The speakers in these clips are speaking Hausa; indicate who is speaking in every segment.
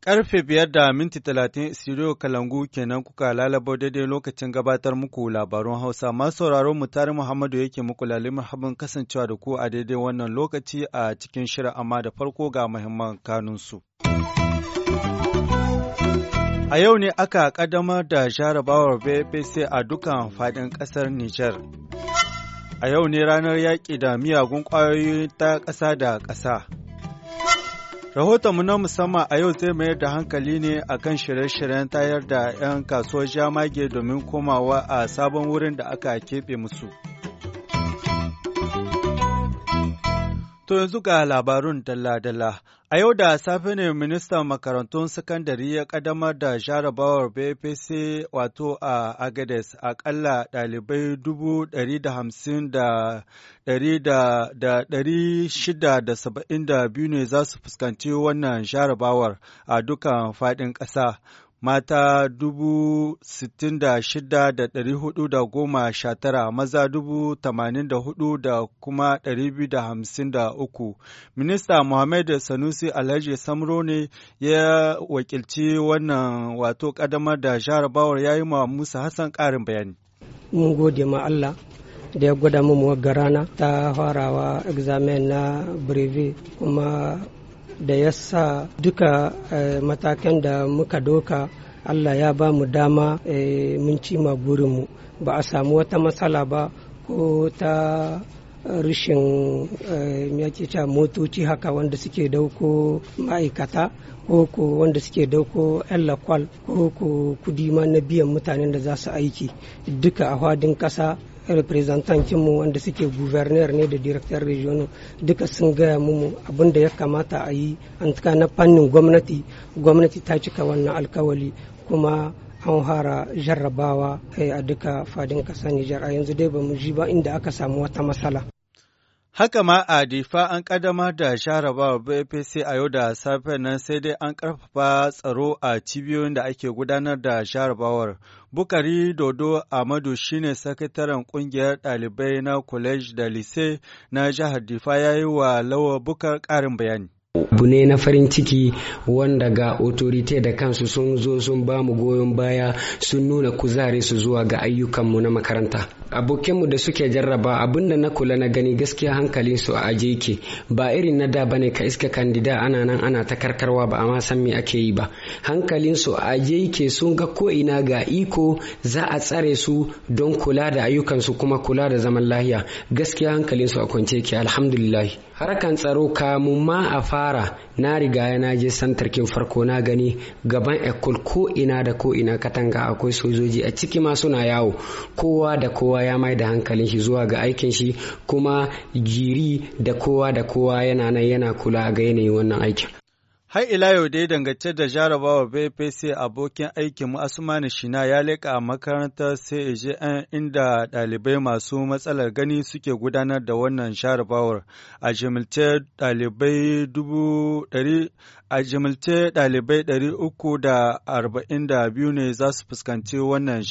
Speaker 1: Karfe biyar da minti talatin studio Kalangu kenan kuka lalabo daidai lokacin gabatar muku labarun Hausa. Masu sauraron mu Muhammadu yake muku lalimar habin kasancewa da ku a daidai wannan lokaci a cikin shirin amma da farko ga muhimman kanunsu. A yau ne aka ƙaddamar da jarabawar BBC a dukan faɗin ƙasar Nijar. A yau ne ranar yaƙi da miyagun ƙwayoyi ta ƙasa da ƙasa. Rahotonmu na musamman a yau zai mayar da hankali ne a kan shirye-shiryen tayar da 'yan kasuwar jamage domin komawa a sabon wurin da aka keɓe musu. To yanzu ga labarun dalla-dalla. A yau da safe ne ministan makarantun sakandare ya ƙaddamar da jarabawar BPC wato a Agades akalla ɗalibai dubu ɗari da hamsin da ɗari da ɗari shida da saba'in da biyu ne za su fuskanci wannan jarabawar a dukan faɗin ƙasa. mata dubu sittin da shida da ɗari hudu da goma sha tara maza dubu tamanin da hudu da kuma ɗari biyu da hamsin da uku. Minista Muhammadu Sanusi Alhaji Samro ne ya wakilci wannan wato ƙaddamar da jarabawar ya yi ma Musa Hassan karin bayani.
Speaker 2: Mun gode ma Allah da ya gwada mu garana ta farawa examen na brevi kuma da ya sa duka eh, matakan da muka doka allah ya ba mu dama eh, mun ci burinmu ba a samu wata matsala ba ko ta rashin ya eh, motoci haka wanda suke dauko ma'aikata ko ko wanda suke dauko yan lakwal ko ko kudi ma na biyan mutanen da za su aiki duka a hadin kasa representantinmu wanda suke guverner ne da director regional duka sun gaya mu abin da ya kamata a yi an na fannin gwamnati gwamnati ta cika wannan alkawali kuma an fara jarrabawa eh, a duka fadin kasa Nijar a yanzu dai ba mu ji ba inda aka samu wata matsala.
Speaker 1: Haka ma a difa an ƙaddamar da jarabawar BPC a yau da safe nan sai dai an ƙarfafa tsaro a cibiyoyin da ake gudanar da jarabawar. Bukari Dodo Amadu shine sakataren ƙungiyar ɗalibai na College da Lise na jihar Difa ya yi wa Lawa Bukar ƙarin
Speaker 2: bayani. abu ne na farin ciki wanda ga otorite da kansu sun zo sun ba mu goyon baya sun nuna kuzari su zuwa ga ayyukanmu na makaranta abokinmu da suke jarraba abinda na kula na gani gaskiya hankalin su a aje yake ba irin na da bane ka iska kandida ana nan ana ta karkarwa ba amma san me ake yi ba hankalin su a aje yake sun ga ko ina ga iko za a tsare su don kula da ayyukan su kuma kula da zaman lahiya gaskiya hankalin su a kwance yake alhamdulillah harkan tsaro kamun ma a fara na riga ya na je santar kin farko na gani gaban ekol ko ina da ko ina katanga akwai sojoji a ciki ma suna yawo kowa da kowa ya mai da hankalin shi zuwa ga aikin shi kuma jiri da kowa da kowa yana nan yana kula ga yanayin wannan aikin
Speaker 1: Har ila yau dai dangance da jarabawa BPC abokin aikin Asmani Shina ya leƙa makarantar CAJN inda ɗalibai masu matsalar gani suke gudanar da wannan jarabawar. A jimilce ɗalibai dubu ɗari a jimilce ɗalibai ɗari uku da arba'in da biyu ne za su fuskanci wannan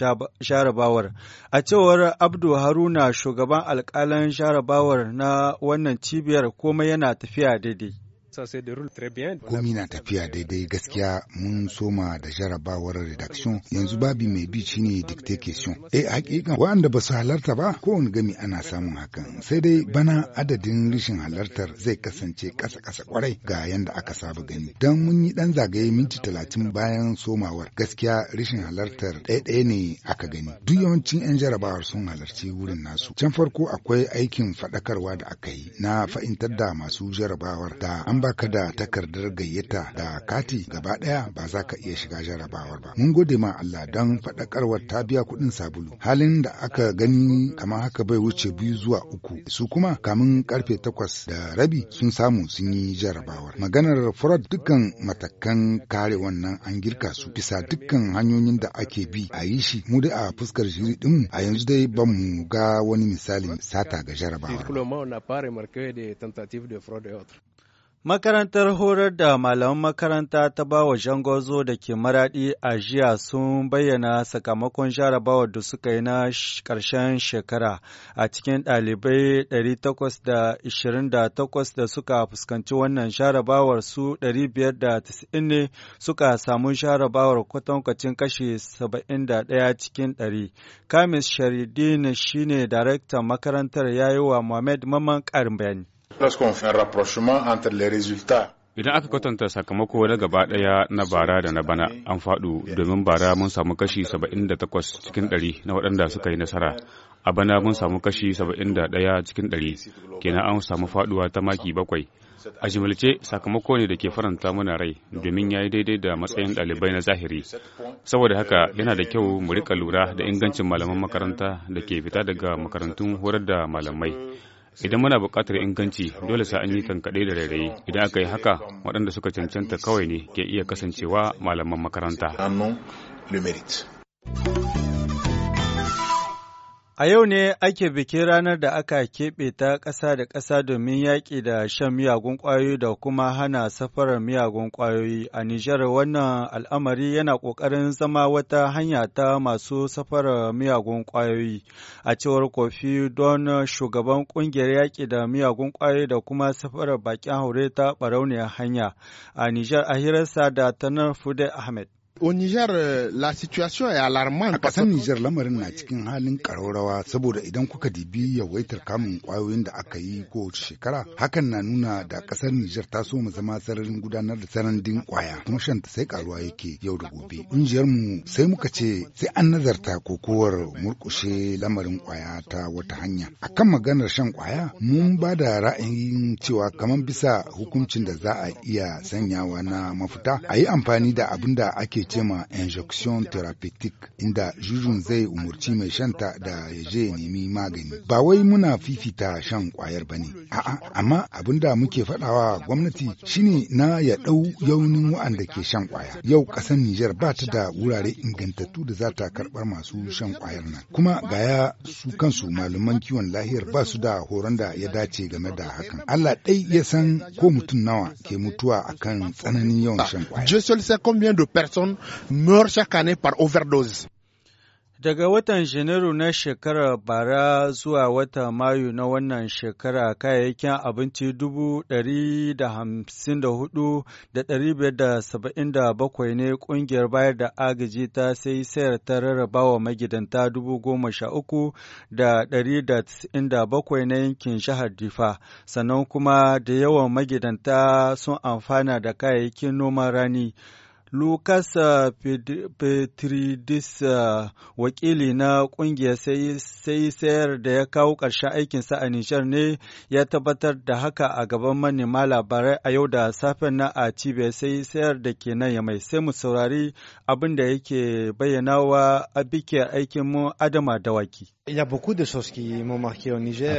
Speaker 1: jarabawar. A cewar Abdu Haruna shugaban alƙalan jarabawar na wannan cibiyar komai yana tafiya daidai.
Speaker 3: Komi na tafiya daidai gaskiya mun soma da jarabawar redaction yanzu babi mai bi shine dikte question. Eh hakika waɗanda ba su halarta ba kowane gami ana samun hakan sai dai bana adadin rishin halartar zai kasance kasa kasa kwarai ga yanda aka saba gani. Dan mun yi ɗan zagaye minti talatin bayan somawar gaskiya rishin halartar ɗaya ne aka gani. Duk yawancin 'yan jarabawar sun halarci wurin nasu. Can farko akwai aikin faɗakarwa da aka yi na fahimtar da masu jarabawar da an baka da takardar gayyata da kati gaba ɗaya ba za ka iya shiga jarabawar ba. Mun gode ma Allah don faɗakarwar ta biya kuɗin sabulu. Halin da aka gani kamar haka bai wuce biyu zuwa uku. Su kuma kamun karfe takwas da rabi sun samu sun yi jarabawar. Maganar fraud dukkan matakan kare wannan an girka su bisa dukkan hanyoyin da ake bi a yi shi mu dai a fuskar jiri din a yanzu dai ban mu ga wani misalin sata ga jarabawar.
Speaker 1: Makarantar horar da malaman makaranta ta bawa jangozo da ke maraɗi a jiya sun bayyana sakamakon jarabawar da suka yi na ƙarshen shekara a cikin ɗalibai 828 da suka fuskanci wannan jarabawar su 590 ne suka samu jarabawar kwatankwacin kashi 71 cikin 100. Kamis Sharidin shine daraktan makarantar yi wa Mohamed Maman ƙarin bayani.
Speaker 3: lorsqu'on fait rapprochement entre les résultats
Speaker 4: Idan aka kwatanta sakamako na gaba ɗaya na bara da na bana an faɗu domin bara mun samu kashi 78 cikin 100 na waɗanda suka yi nasara. A bana mun samu kashi da ɗaya cikin ɗari kenan an samu faɗuwa ta maki bakwai. A jimilce sakamako ne da ke faranta muna rai domin ya yi daidai da matsayin ɗalibai na zahiri. Saboda haka yana da kyau mu rika lura da ingancin malaman makaranta da ke fita daga makarantun horar da malamai. Idan muna buƙatar inganci dole sai an yi tankaɗe da rairayi. Idan aka yi haka waɗanda suka cancanta kawai ne ke iya kasancewa malaman makaranta. A yau ne ake
Speaker 1: bikin ranar da aka keɓe ta ƙasa da ƙasa domin yaƙi da shan miyagun ƙwayoyi da kuma hana safarar miyagun ƙwayoyi. A Nijar wannan al'amari yana ƙoƙarin zama wata hanya ta masu safarar miyagun ƙwayoyi. A cewar Kofi don shugaban ƙungiyar yaƙi da miyagun ƙwayoyi da kuma safarar baƙin haure ta ɓarauniyar hanya. A Nijar a hirarsa da Tanar Fude Ahmed. Au Niger,
Speaker 3: euh, la situation est alarmante. A ƙasar Niger lamarin na cikin halin ƙararrawa saboda idan kuka dibi yawaitar kamun ƙwayoyin da aka yi kowace shekara, hakan na nuna da ƙasar Niger ta so mu zama sararin gudanar da sanandin ƙwaya kuma shan ta sai ƙaruwa yake yau da gobe. Ƙungiyar mu sai muka ce sai an nazarta kokowar murƙushe lamarin ƙwaya ta wata hanya. Akan maganar shan ƙwaya, mun ba da ra'ayin cewa kamar bisa hukuncin da za a iya sanyawa na mafita, a yi amfani da abin da ake ce ma injection therapeutic inda jujun zai umurci mai shanta da ya je nemi magani. Ba wai muna fifita shan kwayar ba ne, a'a, amma abin da muke fadawa gwamnati shine na ya dau yaunin wa'anda ke shan kwaya. Yau ƙasar Nijar ba ta da wurare ingantattu da za ta karɓar masu shan kwayar nan. Kuma gaya su kansu malaman kiwon lahiyar ba su da horon da ya dace game da hakan. Allah dai ya san ko mutum nawa ke mutuwa akan tsananin yawan shan kwaya. Je seul sais combien de personnes meurent chaque année par overdose.
Speaker 1: Daga watan Janairu na shekarar bara zuwa watan Mayu na wannan shekara kayayyakin abinci dubu ɗari da hamsin da hudu da ɗari biyar da saba'in da bakwai ne ƙungiyar bayar da agaji ta sai sayar ta rarrabawa wa magidanta dubu goma sha uku da ɗari da tisa'in da bakwai na yankin jihar Difa. Sannan kuma da yawan magidanta sun amfana da kayayyakin noman rani. Lucas eh, Petridis eh, wakili na ƙungiyar sai sayar da ya kawo ƙarshen aikinsa a Nijar ne ya tabbatar da haka a gaban manema labarai a yau da safen na a cibiyar sai sayar da ke nan ya mai sai mu saurari abinda yake bayyana wa abikiyar aikinmu Adama Dawaki.
Speaker 2: a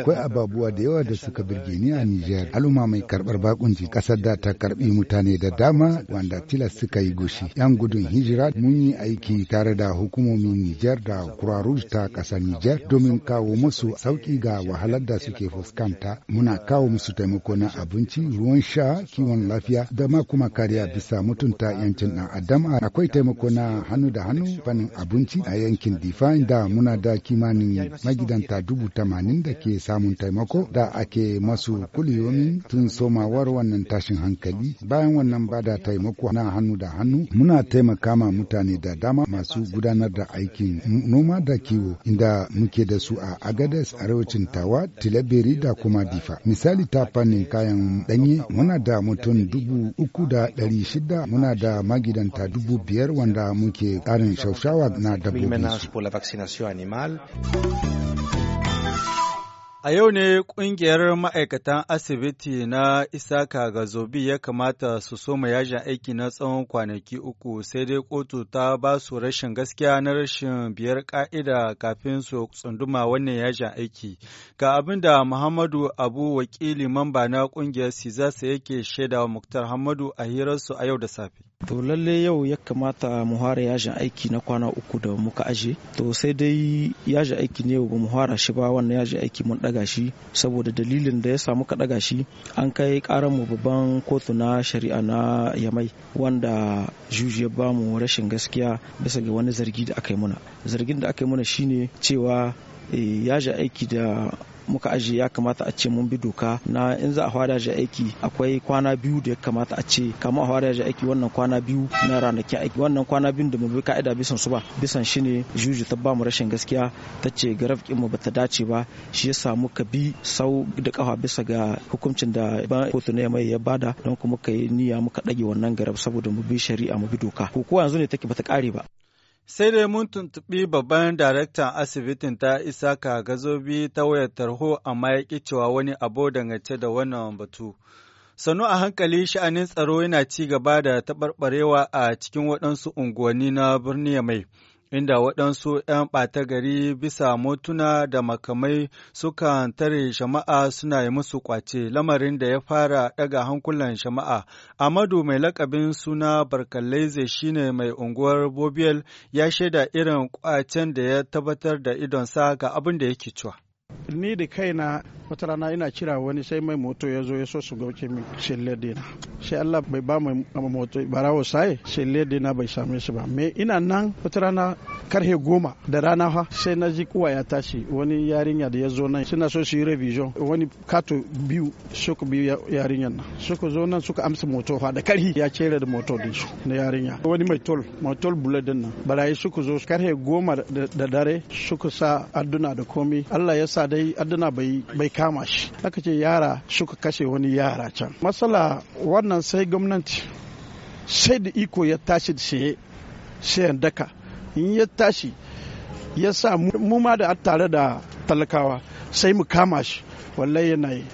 Speaker 3: Akwai ababuwa da yawa da suka birge ni a Nijar. Al'umma mai karɓar bakunci kasar da ta karɓi mutane da dama wanda tilas suka yi gushi. 'Yan gudun hijira mun yi aiki tare da hukumomin Nijar da Croix ta ƙasar Nijar domin kawo musu sauki ga wahalar da suke fuskanta. Muna kawo musu taimako na abinci, ruwan sha, kiwon lafiya da ma kuma kariya bisa mutunta 'yancin ɗan adam. Akwai taimako na hannu da hannu fannin abinci a yankin Difa da muna da kimanin magidanta dubu tamanin da ke samun taimako da ake masu kuliyomi tun somawar wannan tashin hankali bayan wannan ba da taimako na hannu da hannu muna taimaka ma mutane da dama masu gudanar da aikin noma da kiwo inda muke da su a agades arewacin tawa tilaberi da kuma difa misali ta fannin kayan danye muna da mutum dubu uku da ɗari shida muna da magidanta dubu biyar wanda muke tsarin shaushawa na dabbobi
Speaker 1: A yau ne ƙungiyar ma'aikatan asibiti na Isaka ga Zobi ya kamata su soma yajin aiki na tsawon kwanaki uku sai dai kotu ta ba su rashin gaskiya na rashin biyar ƙa'ida kafin su tsunduma wannan yajin aiki. Ga abin da Muhammadu Abu wakili mamba na ƙungiyar Sizasa yake shaidawa Muktar Hamadu a hirarsu a yau da safe. To lalle yau ya kamata mu hara yajin aiki na kwana uku da muka aje. To sai dai yajin aiki ne ba mu fara shi ba wannan yajin aiki mun daga shi saboda dalilin da ya samu ka daga shi an kai karan mu babban kotu na shari'a na Yamai wanda juji ya bamu rashin gaskiya bisa ga wani zargi da aka yi muna. Zargin da aka yi muna shine cewa eh, yajin aiki da muka aje ya kamata a ce mun bi doka na in za a fara shi aiki akwai kwana biyu da ya kamata a ce kama a fara shi aiki wannan kwana biyu na ranakin aiki wannan kwana biyu da mu bi ka'ida bisan su ba bisan shi ne juju ta ba mu rashin gaskiya ta ce garaf mu ba ta dace ba shi ya samu ka bi sau da kafa bisa ga hukuncin da ban kotu na mai ya bada don kuma ka yi niyya muka ɗage wannan garab saboda mu bi shari'a mu bi doka ko yanzu ne take bata kare ba Sai dai mun tuntuɓi babban daraktan asibitin ta Isaka Gazobi ta wayar tarho amma ya cewa wani abu dangance da wannan batu. Sannu a hankali sha'anin tsaro yana ci gaba da taɓarɓarewa a cikin waɗansu unguwanni na birni mai. inda waɗansu ‘yan ɓata gari bisa motuna da makamai suka tare jama'a suna yi musu ƙwace lamarin da ya fara ɗaga hankulan jama'a. Amadu mai lakabin suna Barkalaize shine mai unguwar Bobiel ya shaida irin ƙwacen da ya tabbatar da idonsa ga abin da yake cewa.
Speaker 5: ni da kaina wata rana ina kira wani sai mai moto ya zo ya so su gauke min shelle dina sai Allah bai ba mai moto barawo sai shelle dina bai same shi ba me ina nan wata rana karhe goma da rana ha sai na ji kuwa ya tashi wani yarinya da ya zo nan suna so su yi revision wani kato biyu suka biyu yarinyar nan suka zo nan suka amsa moto fa da karhi ya cere da moto din su na yarinya wani mai tol mai tol bullet din nan barayi suka zo karhe goma da dare suka sa adduna da komi Allah ya sa sa dai adduna bai kama shi aka ce yara suka kashe wani yara can matsala wannan sai gwamnati sai da iko ya tashi da sai sayan daka in ya tashi ya sa mu ma da tare da talakawa sai mu kama shi wallai yana yi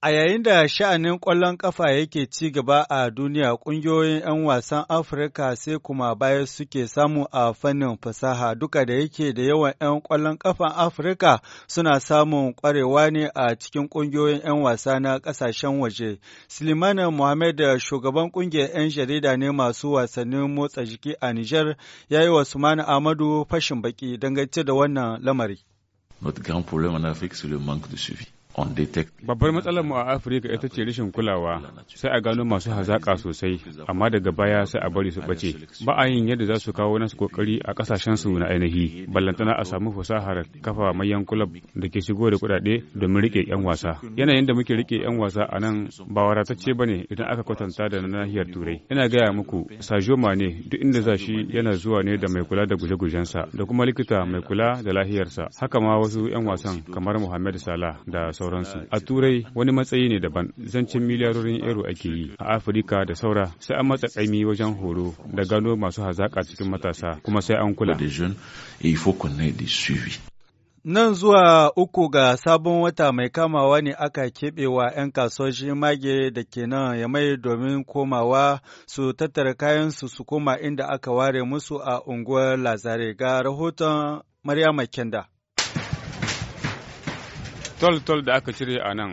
Speaker 1: A yayin da sha'anin ƙwallon ƙafa yake ci gaba a duniya, ƙungiyoyin 'yan wasan Afirka sai kuma baya suke samu a fannin fasaha duka da yake da yawan 'yan ƙwallon ƙafan Afirka suna samun ƙwarewa ne a cikin ƙungiyoyin 'yan wasa na ƙasashen waje. Siliman Mohamed shugaban ƙungiyar 'yan jarida ne masu wasannin motsa jiki a Nijar ya yi wa Sumana Amadu fashin baki dangance da wannan lamari.
Speaker 4: Notre grand problème en Afrique, c'est le manque de suivi. Babbar matsalar mu a Afirka ita ce rashin kulawa, sai a gano masu hazaƙa sosai, amma daga baya sai a bari su ɓace. Ba a yin yadda za su kawo nasu ƙoƙari a su na ainihi, ballantana a samu fasahar kafa mayan kulab da ke shigo da kuɗaɗe domin riƙe 'yan wasa. Yanayin da muke riƙe 'yan wasa a nan ba waratacce ba ne idan aka kwatanta da na nahiyar Turai. Ina gaya muku, Sajo ne duk inda za shi yana zuwa ne da mai kula da guje-gujensa da kuma likita mai kula da lahiyarsa. Haka ma wasu 'yan wasan kamar Muhammad Salah da sauransu a turai wani matsayi ne daban zancen miliyarorin euro ake yi a afirka da saura sai an matsa kaimi wajen horo da gano masu hazaka cikin matasa kuma sai an kula Nan zuwa
Speaker 1: uku ga sabon wata mai kamawa ne aka keɓewa ‘yan kasoshin mage da ke nan ya mai domin komawa su tattara kayansu su koma inda aka ware musu a unguwar Lazare ga rahoton Maryama Kenda.
Speaker 4: tol-tol da aka cire a nan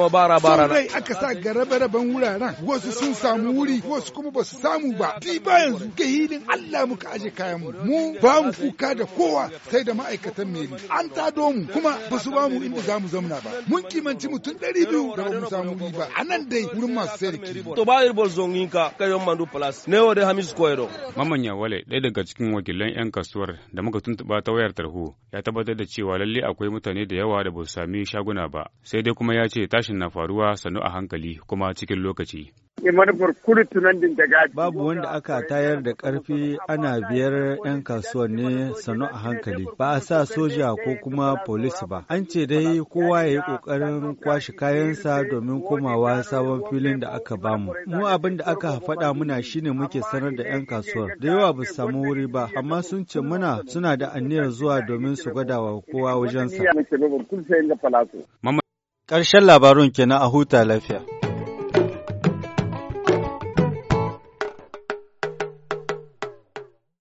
Speaker 1: wa bara bara sai
Speaker 3: aka sa ga raban raben wuraren wasu sun samu wuri wasu kuma ba su samu ba ti ba yanzu ga hilin Allah muka aje kayan mu mu ba mu kuka da kowa sai da ma'aikatan meri an do mu kuma ba su ba mu inda za mu zauna ba mun kimanci mutum ɗari biyu da ba mu samu wuri ba a nan dai wurin masu sayar kiri. to
Speaker 4: ba yi bolzongin ka kayan mandu plus ne wa da hamis koyro. maman wale ɗaya daga cikin wakilan 'yan kasuwar da muka tuntuɓa ta wayar tarho ya tabbatar da cewa lalle akwai mutane da yawa da ba su sami shaguna ba sai dai kuma ya ce tashi tashin na faruwa sanu a hankali kuma cikin lokaci.
Speaker 1: Babu wanda aka tayar da ƙarfi ana biyar 'yan kasuwan ne sanu a hankali, ba a sa soja ko kuma polisi ba. An ce dai kowa ya yi ƙoƙarin kwashe kayansa domin komawa sabon filin da aka bamu. Mu abin da aka faɗa muna shine muke sanar da 'yan kasuwar. Da yawa ba su samu wuri ba, amma sun ce muna suna da aniyar zuwa domin su gwada wa kowa wajensa. Ƙarshen labarun kenan a huta lafiya.